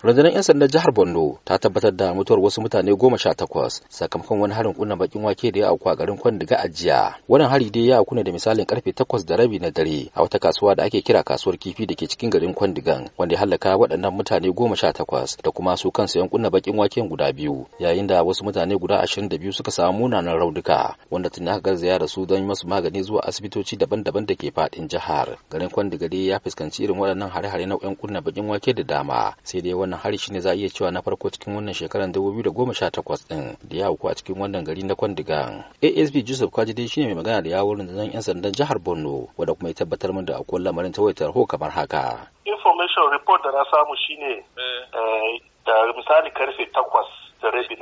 rundunar 'yan sandan jihar borno ta tabbatar da mutuwar wasu mutane goma sha takwas sakamakon wani harin kunna bakin wake da ya auku a garin kwandiga a jiya wannan hari dai ya auku ne da misalin karfe takwas da rabi na dare a wata kasuwa da ake kira kasuwar kifi da ke cikin garin kwandigan wanda ya halaka waɗannan mutane goma sha takwas da kuma su kansu 'yan kunna bakin waken guda biyu yayin da wasu mutane guda ashirin da biyu suka samu munanan raunuka wanda tun aka garzaya da su don masu magani zuwa asibitoci daban-daban da ke faɗin jihar garin kwandiga dai ya fuskanci irin waɗannan hare-hare na 'yan kunna bakin wake da dama sai dai wannan hari ne za a iya cewa na farko cikin wannan shekarar 2018 din da ya auku a cikin wannan gari na kwandigan asb Joseph Kwajide shine mai magana da yawon zan 'yan sandan jihar Borno wadda kuma ya tabbatar min da akwai lamarin ta wayar kamar haka. Information report da na samu shine eh, da misali karfe takwas da rabi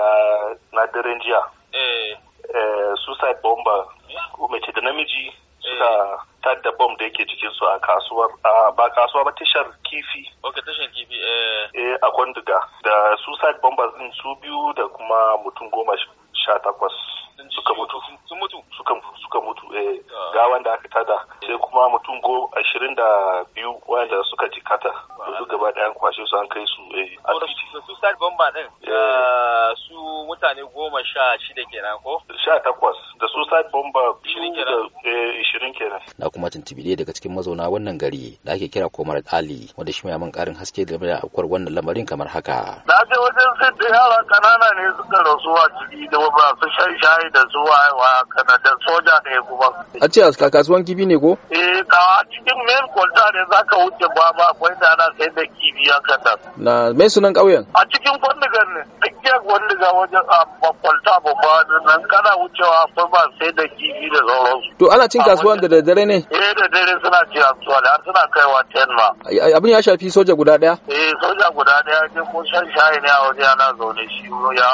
na daren jiya. Eh. Eh, suicide bomber, mace da namiji suka da yake cikin su a kasuwar ba kasuwa ba tashar kifi okay tashar kifi eh eh a kwanduga da suicide bombers din su biyu da kuma mutum goma sha takwas suka mutu suka mutu suka mutu eh ah. Ga wanda aka tada sai kuma mutum go ashirin da biyu wanda suka jikata su gaba ɗayan kwashe su an kai su eh, asibiti. su sad bomba ɗin eh. ah, su mutane goma sha shida kenan ko? sha takwas da su sad bomba eh, ishirin kenan. na kuma tuntubi ɗaya daga cikin mazauna wannan gari da ake kira komar ali wanda shi mai karin haske da mai akwar wannan lamarin kamar haka. na je wajen sai da yara kanana ne suka rasu a ciki da ba su shayi da su wa kana da soja ne kuma. a ce a kasuwan kibi ne ko? ko? Eh, a cikin main kwalta ne za ka wuce ba ba akwai da ana sai da kibi haka nan. Na mai sunan ƙauyen? A cikin kwandigan ne. Tsakiyar kwandiga wajen a kwalta babba nan kana wucewa ko ba sai da kibi da sauransu. To ana cin kasuwan da daddare ne? Eh, da dare suna cin kasuwa da har suna kaiwa ten ma. Abin ya shafi soja guda ɗaya? Eh, soja guda ɗaya ne ko shan shayi ne a waje ana zaune shi ya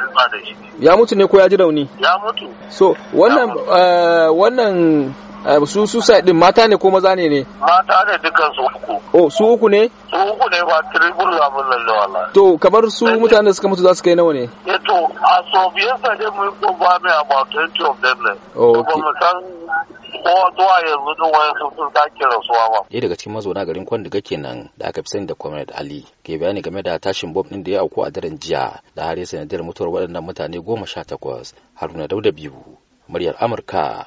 rima da shi. Ya mutu ne ko ya ji rauni? Ya mutu. So wannan eh, wannan Eh, su suicide din mata ne ko maza ne ne mata ne dukkan su uku oh su uku ne su uku ne ba tribul abun lalle wala to kamar su eh, eh. mutane da suka mutu za su kai nawa ne eh to a so biyar sa dai mun ko ba mai about 20 of them ne oh ba mu san ko zuwa yanzu din wayan su sun sake rasuwa ba eh daga cikin mazauna garin gake kenan da aka fi sani da Comrade Ali ke bayani game da tashin bomb din da ya auku a daren jiya da har ya sanadiyar mutuwar waɗannan mutane goma sha takwas Haruna Dauda Bibu muryar Amurka